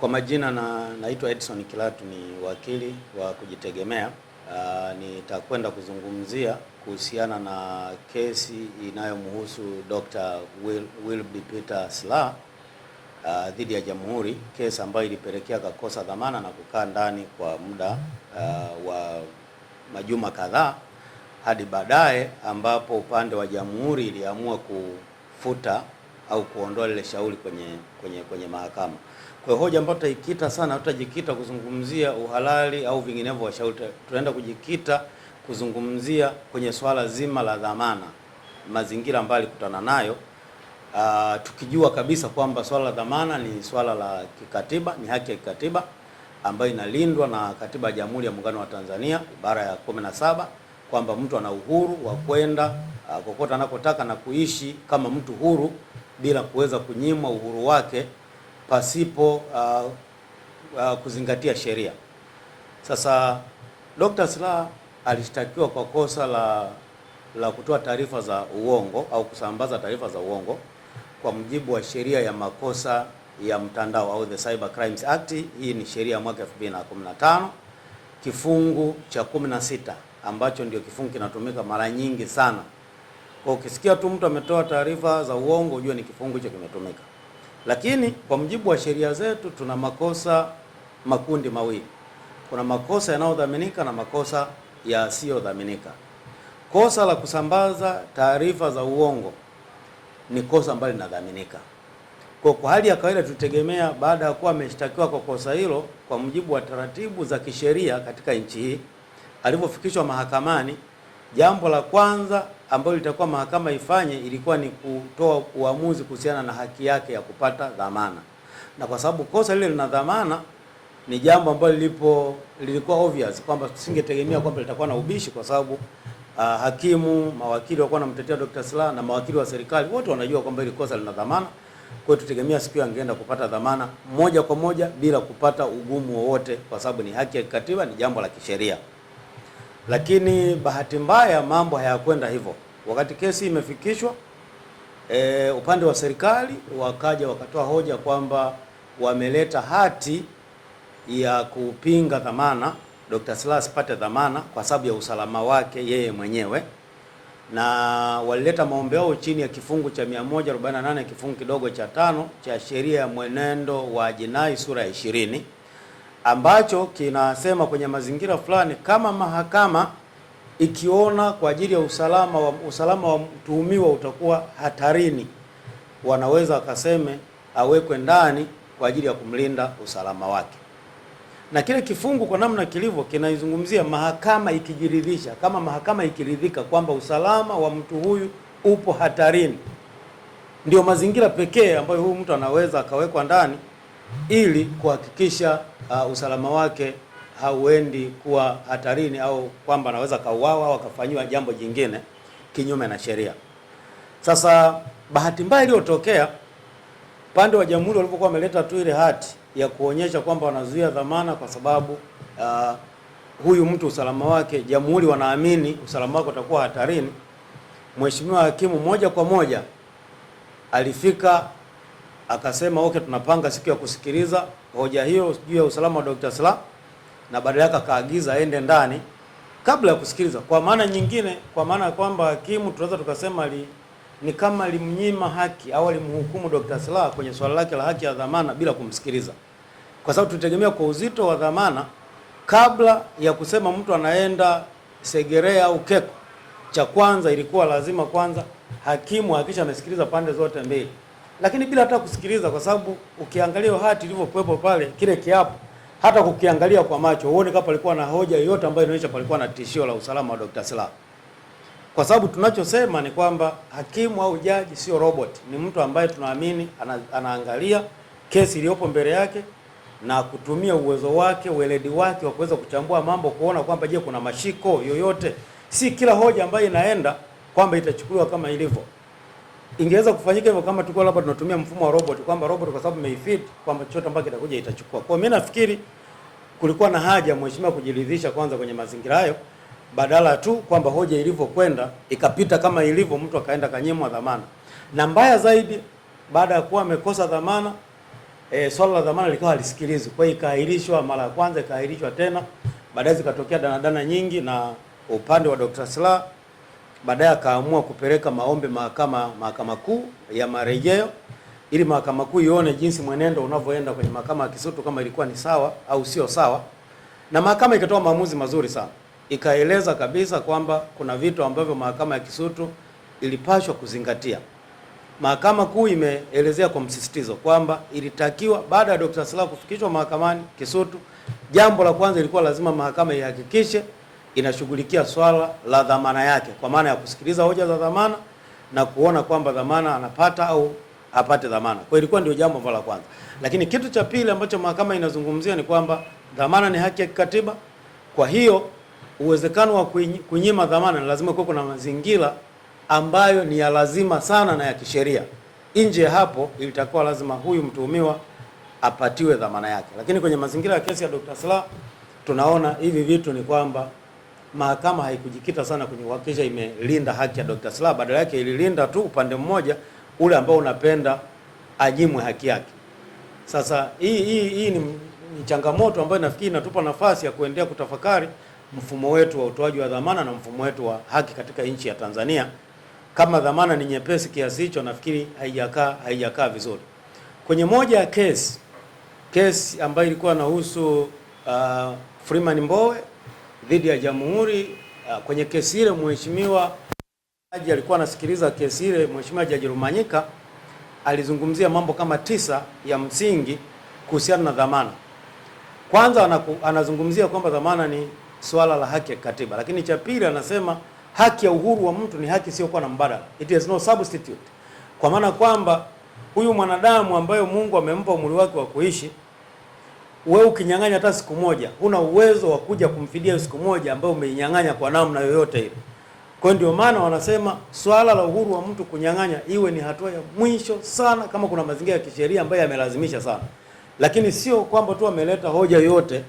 Kwa majina na naitwa Edson Kilatu, ni wakili wa kujitegemea. Uh, nitakwenda kuzungumzia kuhusiana na kesi inayomhusu Dr. Will, B. Peter Slaa uh, dhidi ya Jamhuri, kesi ambayo ilipelekea kakosa dhamana na kukaa ndani kwa muda uh, wa majuma kadhaa hadi baadaye ambapo upande wa Jamhuri iliamua kufuta au kuondoa lile shauri kwenye kwenye kwenye mahakama. Kwa hiyo hoja ambayo tutaikita sana, tutajikita kuzungumzia uhalali au vinginevyo wa shauri, tunaenda kujikita kuzungumzia kwenye swala zima la dhamana, mazingira ambayo alikutana nayo Uh, tukijua kabisa kwamba swala la dhamana ni swala la kikatiba, ni haki ya kikatiba ambayo inalindwa na Katiba ya Jamhuri ya Muungano wa Tanzania ibara ya kumi na saba kwamba mtu ana uhuru wa kwenda ah, kokota anakotaka na kuishi kama mtu huru bila kuweza kunyimwa uhuru wake pasipo uh, uh, kuzingatia sheria. Sasa Dr. Slaa alishtakiwa kwa kosa la la kutoa taarifa za uongo au kusambaza taarifa za uongo kwa mujibu wa sheria ya makosa ya mtandao au the Cyber Crimes Act. Hii ni sheria ya mwaka 2015 kifungu cha 16 ambacho ndio kifungu kinatumika mara nyingi sana kwa ukisikia tu mtu ametoa taarifa za uongo ujue ni kifungu hicho kimetumika. Lakini kwa mujibu wa sheria zetu tuna makosa makundi mawili. Kuna makosa yanayodhaminika na makosa yasiyodhaminika. Kosa la kusambaza taarifa za uongo ni kosa ambalo linadhaminika. Kwa kwa hali ya kawaida tutegemea baada ya kuwa ameshtakiwa kwa kosa hilo kwa mujibu wa taratibu za kisheria katika nchi hii alivyofikishwa mahakamani Jambo la kwanza ambalo litakuwa mahakama ifanye ilikuwa ni kutoa uamuzi kuhusiana na haki yake ya kupata dhamana, na kwa sababu kosa lile lina dhamana, ni jambo ambalo lilipo lilikuwa obvious kwamba tusingetegemea kwamba litakuwa na ubishi, kwa sababu uh, hakimu, mawakili walikuwa wanamtetea Dr. Slaa na mawakili wa serikali wote wanajua kwamba ile kosa lina dhamana. Kwa hiyo tutegemea siku angeenda kupata dhamana moja kwa moja bila kupata ugumu wowote, kwa sababu ni haki ya kikatiba, ni jambo la kisheria lakini bahati mbaya mambo hayakwenda hivyo. Wakati kesi imefikishwa e, upande wa serikali wakaja wakatoa hoja kwamba wameleta hati ya kupinga dhamana, Dr. Slaa asipate dhamana kwa sababu ya usalama wake yeye mwenyewe, na walileta maombi yao chini ya kifungu cha 148 kifungu kidogo cha tano cha sheria ya mwenendo wa jinai sura ya ishirini ambacho kinasema kwenye mazingira fulani, kama mahakama ikiona kwa ajili ya usalama wa usalama wa mtuhumiwa utakuwa hatarini, wanaweza wakaseme awekwe ndani kwa ajili ya kumlinda usalama wake. Na kile kifungu kwa namna kilivyo kinaizungumzia mahakama ikijiridhisha, kama mahakama ikiridhika kwamba usalama wa mtu huyu upo hatarini, ndio mazingira pekee ambayo huyu mtu anaweza akawekwa ndani ili kuhakikisha uh, usalama wake hauendi kuwa hatarini au kwamba anaweza kauawa au akafanyiwa jambo jingine kinyume na sheria. Sasa bahati mbaya iliyotokea pande wa jamhuri walipokuwa wameleta tu ile hati ya kuonyesha kwamba wanazuia dhamana kwa sababu uh, huyu mtu usalama wake, jamhuri wanaamini usalama wake utakuwa hatarini. Mheshimiwa hakimu moja kwa moja alifika akasema, okay, tunapanga siku ya kusikiliza hoja hiyo juu ya usalama wa Dr. Slaa na badala yake akaagiza aende ndani kabla ya kusikiliza. Kwa maana nyingine, kwa maana ya kwamba hakimu tunaweza tukasema li, ni kama limnyima haki au alimhukumu Dr. Slaa kwenye swala lake la haki ya dhamana bila kumsikiliza, kwa sababu tutegemea kwa uzito wa dhamana, kabla ya kusema mtu anaenda Segerea au Keko, cha kwanza ilikuwa lazima kwanza hakimu hakisha amesikiliza pande zote mbili lakini bila hata kusikiliza, kwa sababu ukiangalia hati ilivyokuwepo pale, kile kiapo, hata kukiangalia kwa macho uone kama palikuwa na hoja yoyote ambayo inaonyesha palikuwa na tishio la usalama wa Dr. Slaa, kwa sababu tunachosema ni kwamba hakimu au jaji sio robot, ni mtu ambaye tunaamini ana, anaangalia kesi iliyopo mbele yake na kutumia uwezo wake weledi wake wa kuweza kuchambua mambo, kuona kwamba je, kuna mashiko yoyote. Si kila hoja ambayo inaenda kwamba itachukuliwa kama ilivyo ingeweza kufanyika hivyo kama tulikuwa labda tunatumia mfumo wa robot, kwamba robot kwa sababu imeifit kwamba chochote ambacho kitakuja itachukua. Kwa mimi nafikiri kulikuwa na haja mheshimiwa kujiridhisha kwanza kwenye mazingira hayo, badala tu kwamba hoja ilivyokwenda ikapita kama ilivyo, mtu akaenda kanyimwa dhamana, na mbaya zaidi, baada ya kuwa amekosa dhamana e, swala la dhamana likawa halisikilizwi. Kwa hiyo ikaahirishwa mara ya kwanza, ikaahirishwa tena, baadaye zikatokea danadana nyingi, na upande wa Dr. Slaa baadaye akaamua kupeleka maombi mahakama mahakama kuu ya marejeo ili mahakama kuu ione jinsi mwenendo unavyoenda kwenye mahakama ya Kisutu kama ilikuwa ni sawa au sio sawa, na mahakama ikatoa maamuzi mazuri sana, ikaeleza kabisa kwamba kuna vitu ambavyo mahakama ya Kisutu ilipashwa kuzingatia. Mahakama kuu imeelezea kwa msisitizo kwamba ilitakiwa baada ya Dr. Slaa kufikishwa mahakamani Kisutu, jambo la kwanza ilikuwa lazima mahakama ihakikishe inashughulikia swala la dhamana yake, kwa maana ya kusikiliza hoja za dhamana na kuona kwamba dhamana anapata au apate dhamana. Kwa ilikuwa ndio jambo la kwanza, lakini kitu cha pili ambacho mahakama inazungumzia ni kwamba dhamana ni haki ya kikatiba. Kwa hiyo uwezekano wa kunyima dhamana ni lazima kuwe na mazingira ambayo ni ya lazima sana na ya kisheria. Nje ya hapo, ilitakuwa lazima huyu mtuhumiwa apatiwe dhamana yake, lakini kwenye mazingira ya kesi ya Dr. Slaa tunaona hivi vitu ni kwamba mahakama haikujikita sana kwenye kuhakikisha imelinda haki ya Dr. Slaa, badala yake ililinda tu upande mmoja ule ambao unapenda anyimwe haki yake. Sasa hii hii hii ni changamoto ambayo nafikiri inatupa nafasi ya kuendelea kutafakari mfumo wetu wa utoaji wa dhamana na mfumo wetu wa haki katika nchi ya Tanzania. Kama dhamana ni nyepesi kiasi hicho, nafikiri haijakaa haijakaa vizuri. Kwenye moja ya kesi kesi ambayo ilikuwa inahusu uh, Freeman Mbowe dhidi ya jamhuri. Uh, kwenye kesi ile mheshimiwa jaji alikuwa anasikiliza kesi ile, mheshimiwa Jaji Rumanyika alizungumzia mambo kama tisa ya msingi kuhusiana na dhamana. Kwanza anaku, anazungumzia kwamba dhamana ni swala la haki ya kikatiba, lakini cha pili anasema haki ya uhuru wa mtu ni haki isiyokuwa na mbadala, it has no substitute, kwa maana kwamba huyu mwanadamu ambayo Mungu amempa umri wake wa kuishi wewe ukinyang'anya hata siku moja, huna uwezo wa kuja kumfidia siku moja ambayo umeinyang'anya kwa namna yoyote ile. Kwa ndio maana wanasema swala la uhuru wa mtu kunyang'anya iwe ni hatua ya mwisho sana, kama kuna mazingira ya kisheria ambayo yamelazimisha sana, lakini sio kwamba tu ameleta hoja yote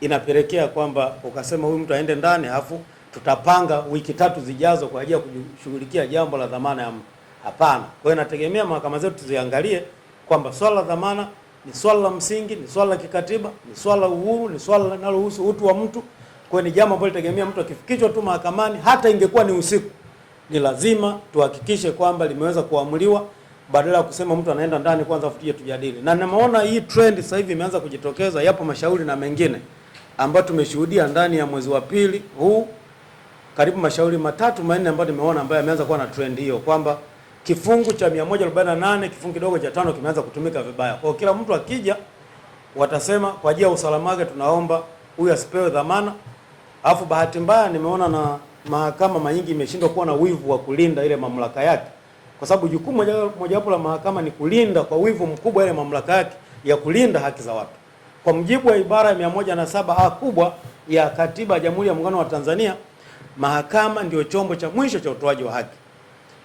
inapelekea kwamba ukasema huyu mtu aende ndani, halafu tutapanga wiki tatu zijazo kwa ajili ya kushughulikia jambo la dhamana ya mtu. Hapana. Kwa hiyo nategemea mahakama zetu ziangalie kwamba swala la dhamana ni swala la msingi, ni swala la kikatiba, ni swala la uhuru, ni swala linalohusu utu wa mtu. Kwa ni jambo ambalo litegemea mtu akifikishwa tu mahakamani, hata ingekuwa ni usiku, ni lazima tuhakikishe kwamba limeweza kuamuliwa, badala ya kusema mtu anaenda ndani kwanza afutie tujadili. Na nimeona hii trend sasa hivi imeanza kujitokeza, yapo mashauri na mengine ambayo tumeshuhudia ndani ya mwezi wa pili huu, karibu mashauri matatu manne ambayo nimeona ambayo yameanza kuwa na trend hiyo kwamba kifungu cha 148 kifungu kidogo cha tano kimeanza kutumika vibaya. Kwa kila mtu akija watasema kwa ajili ya usalama wake tunaomba huyu asipewe dhamana. Alafu bahati mbaya nimeona na mahakama manyingi imeshindwa kuwa na wivu wa kulinda ile mamlaka yake, kwa sababu jukumu moja mojawapo la mahakama ni kulinda kwa wivu mkubwa ile mamlaka yake ya kulinda haki za watu kwa mujibu wa ibara ya 107A kubwa ya Katiba ya Jamhuri ya Muungano wa Tanzania, mahakama ndio chombo cha mwisho cha utoaji wa haki.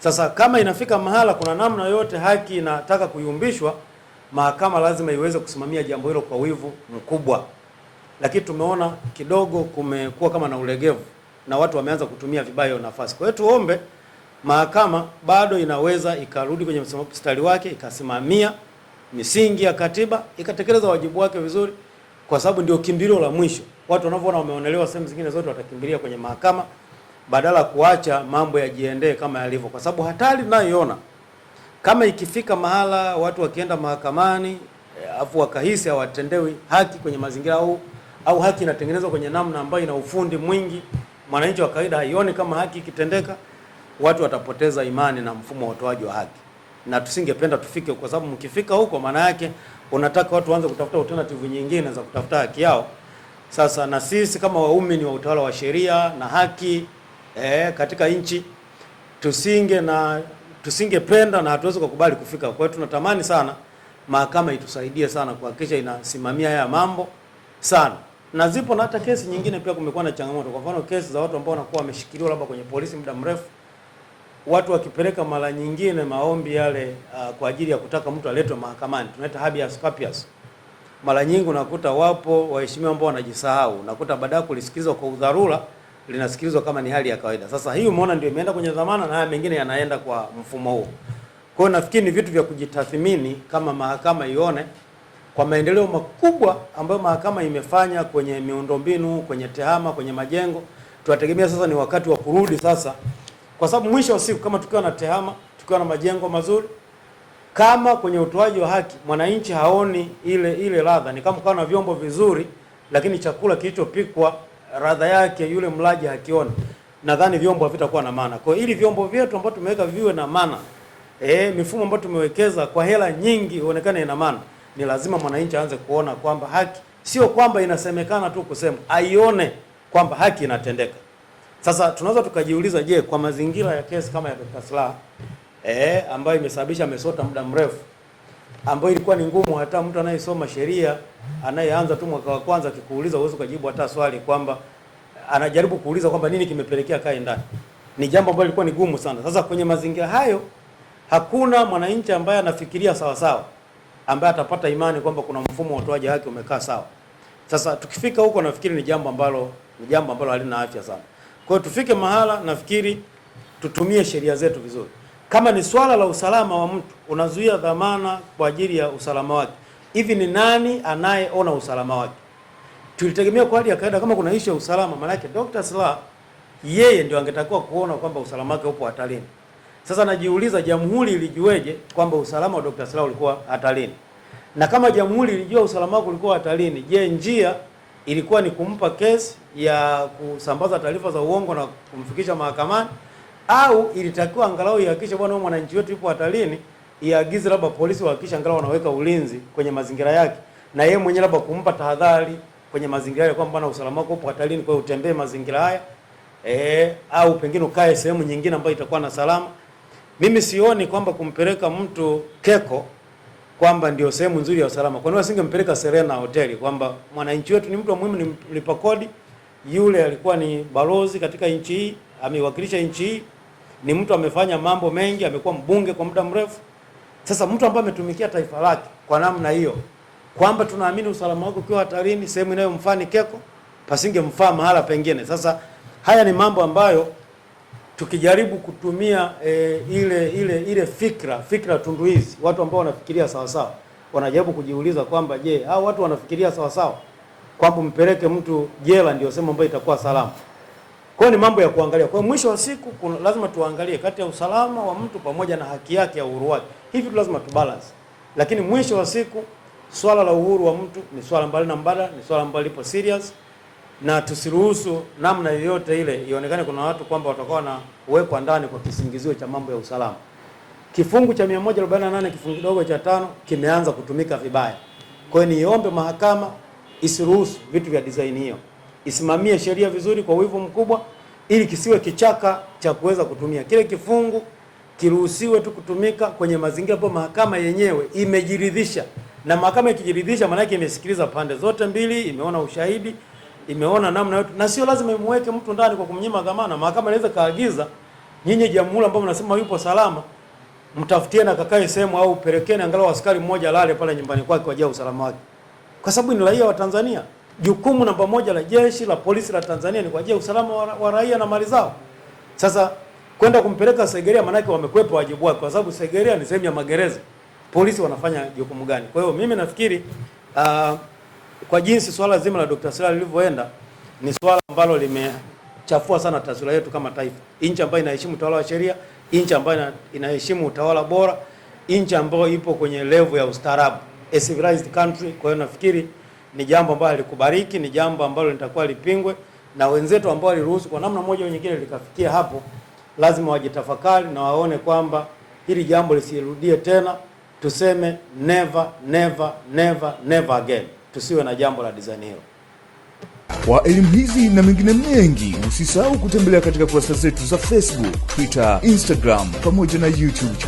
Sasa kama inafika mahala kuna namna yote haki inataka kuyumbishwa, mahakama lazima iweze kusimamia jambo hilo kwa wivu mkubwa, lakini tumeona kidogo kumekuwa kama na ulegevu na watu wameanza kutumia vibaya nafasi. Kwa hiyo tuombe mahakama bado inaweza ikarudi kwenye mstari wake ikasimamia misingi ya katiba ikatekeleza wajibu wake vizuri, kwa sababu ndio kimbilio la mwisho. Watu wanavyoona wameonelewa sehemu zingine zote, watakimbilia kwenye mahakama badala ya kuacha mambo yajiendee kama yalivyo, kwa sababu hatari tunayoiona kama ikifika mahala watu wakienda mahakamani eh, afu wakahisi hawatendewi haki kwenye mazingira au, au haki inatengenezwa kwenye namna ambayo ina ufundi mwingi, mwananchi wa kawaida haioni kama haki ikitendeka, watu watapoteza imani na mfumo wa utoaji wa haki, na tusingependa tufike, kwa sababu mkifika huko, maana yake unataka watu waanze kutafuta alternative nyingine za kutafuta haki yao. Sasa na sisi kama waumini wa utawala wa sheria na haki eh, katika nchi tusinge na tusingependa na hatuwezi kukubali kufika. Kwa hiyo tunatamani sana mahakama itusaidie sana kuhakikisha inasimamia haya mambo sana, na zipo na hata kesi nyingine pia kumekuwa na changamoto. Kwa mfano kesi za watu ambao wanakuwa wameshikiliwa labda kwenye polisi muda mrefu, watu wakipeleka mara nyingine maombi yale uh, kwa ajili ya kutaka mtu aletwe mahakamani, tunaita habeas corpus. Mara nyingi unakuta wapo waheshimiwa ambao wanajisahau, unakuta baadaye kulisikizwa kwa udharura linasikilizwa kama ni hali ya kawaida. Sasa hii umeona ndio imeenda kwenye dhamana na haya mengine yanaenda kwa mfumo huo. Kwa hiyo nafikiri ni vitu vya kujitathmini kama mahakama ione kwa maendeleo makubwa ambayo mahakama imefanya kwenye miundombinu, kwenye tehama, kwenye majengo. Tunategemea sasa ni wakati wa kurudi sasa, kwa sababu mwisho wa siku kama tukiwa na tehama, tukiwa na majengo mazuri, kama kwenye utoaji wa haki mwananchi haoni ile ile ladha, ni kama ukawa na vyombo vizuri, lakini chakula kilichopikwa radha yake yule mlaji hakioni, nadhani vyombo havitakuwa na maana. Kwa hiyo ili vyombo vyetu ambavyo tumeweka viwe na maana, e, mifumo ambayo tumewekeza kwa hela nyingi ionekane ina maana, ni lazima mwananchi aanze kuona kwamba haki sio kwamba inasemekana tu kusema, aione kwamba haki inatendeka. Sasa tunaweza tukajiuliza, je, kwa mazingira ya kesi kama ya Dr. Slaa eh, ambayo imesababisha amesota muda mrefu ambayo ilikuwa ni ngumu. Hata mtu anayesoma sheria anayeanza tu mwaka wa kwanza akikuuliza, uwezo kujibu hata swali kwamba anajaribu kuuliza kwamba nini kimepelekea kae ndani, ni jambo ambalo lilikuwa ni gumu sana. Sasa kwenye mazingira hayo, hakuna mwananchi ambaye anafikiria sawa sawa ambaye atapata imani kwamba kuna mfumo wa utoaji haki umekaa sawa. Sasa tukifika huko, nafikiri ni jambo ambalo ni jambo ambalo halina afya sana. Kwa hiyo tufike mahala, nafikiri tutumie sheria zetu vizuri. Kama ni swala la usalama wa mtu, unazuia dhamana kwa ajili ya usalama wake, hivi ni nani anayeona usalama wake? Tulitegemea kwa hali ya kawaida, kama kuna ishu ya usalama, maana yake Dr. Slaa yeye ndio angetakiwa kuona kwamba usalama wake upo hatarini. Sasa najiuliza jamhuri ilijueje kwamba usalama wa Dr. Slaa ulikuwa hatarini? Na kama jamhuri ilijua usalama wake ulikuwa hatarini, je, njia ilikuwa ni kumpa kesi ya kusambaza taarifa za uongo na kumfikisha mahakamani au ilitakiwa angalau ihakikishe bwana, mwananchi wetu yupo hatarini, iagize labda polisi wahakikishe angalau wanaweka ulinzi kwenye mazingira yake, na yeye mwenyewe labda kumpa tahadhari kwenye mazingira yake kwamba na usalama wako upo hatarini, kwa hiyo utembee mazingira haya eh, au pengine ukae sehemu nyingine ambayo itakuwa na salama. Mimi sioni kwamba kumpeleka mtu Keko kwamba ndio sehemu nzuri ya usalama. Kwa nini wasingempeleka Serena hoteli? Kwamba mwananchi wetu ni mtu wa muhimu, ni mlipa kodi, yule alikuwa ni balozi katika nchi hii, amewakilisha nchi hii ni mtu amefanya mambo mengi, amekuwa mbunge kwa muda mrefu. Sasa mtu ambaye ametumikia taifa lake kwa namna hiyo, kwamba tunaamini usalama wake ukiwa hatarini, sehemu inayomfaa ni Keko, pasingemfaa mahala pengine. Sasa haya ni mambo ambayo tukijaribu kutumia e, ile ile ile fikra fikra tunduizi, watu ambao wanafikiria sawa sawa wanajaribu kujiuliza kwamba je, hao watu wanafikiria sawa sawa kwamba mpeleke mtu jela ndio sehemu ambayo itakuwa salama? Kwa ni mambo ya kuangalia. Kwa mwisho wa siku kuna, lazima tuangalie kati ya usalama wa mtu pamoja na haki yake ya uhuru wake. Hivi tu lazima tubalance. Lakini mwisho wa siku swala la uhuru wa mtu ni swala mbali na mbada, ni swala ambalo lipo serious na tusiruhusu namna yoyote ile ionekane kuna watu kwamba watakuwa na uwekwa ndani kwa kisingizio cha mambo ya usalama. Kifungu cha 148 kifungu kidogo cha tano kimeanza kutumika vibaya. Kwa hiyo niombe mahakama isiruhusu vitu vya design hiyo isimamie sheria vizuri kwa wivu mkubwa, ili kisiwe kichaka cha kuweza kutumia. Kile kifungu kiruhusiwe tu kutumika kwenye mazingira ambayo mahakama yenyewe imejiridhisha, na mahakama ikijiridhisha, maana yake imesikiliza pande zote mbili, imeona ushahidi, imeona namna yote, na sio lazima imweke mtu ndani kwa kumnyima dhamana. Mahakama inaweza kaagiza, nyinyi jamhuri ambao mnasema yupo salama mtafutie na kakae sehemu au pelekeni angalau askari mmoja alale pale nyumbani kwake kwa ajili ya usalama wake, kwa sababu ni raia wa Tanzania jukumu namba moja la jeshi la polisi la Tanzania ni kwa ajili ya usalama wa, wa raia na mali zao. Sasa kwenda kumpeleka Segerea, maanake wamekwepa wajibu wake, kwa sababu Segerea ni sehemu ya magereza. Polisi wanafanya jukumu gani? Kwa hiyo mimi nafikiri uh, kwa jinsi swala zima la Dr. Slaa lilivyoenda ni swala ambalo limechafua sana taswira yetu kama taifa, nchi ambayo inaheshimu utawala wa sheria, nchi ambayo inaheshimu utawala bora, nchi ambayo ipo kwenye level ya ustaarabu, a civilized country. Kwa hiyo nafikiri ni jambo ambalo alikubariki, ni jambo ambalo litakuwa lipingwe na wenzetu ambao waliruhusu kwa namna moja au nyingine likafikia hapo, lazima wajitafakari na waone kwamba hili jambo lisirudie tena. Tuseme never never never never again, tusiwe na jambo la design hilo. Kwa elimu hizi na mengine mengi, usisahau kutembelea katika kurasa zetu za Facebook, Twitter, Instagram pamoja na YouTube.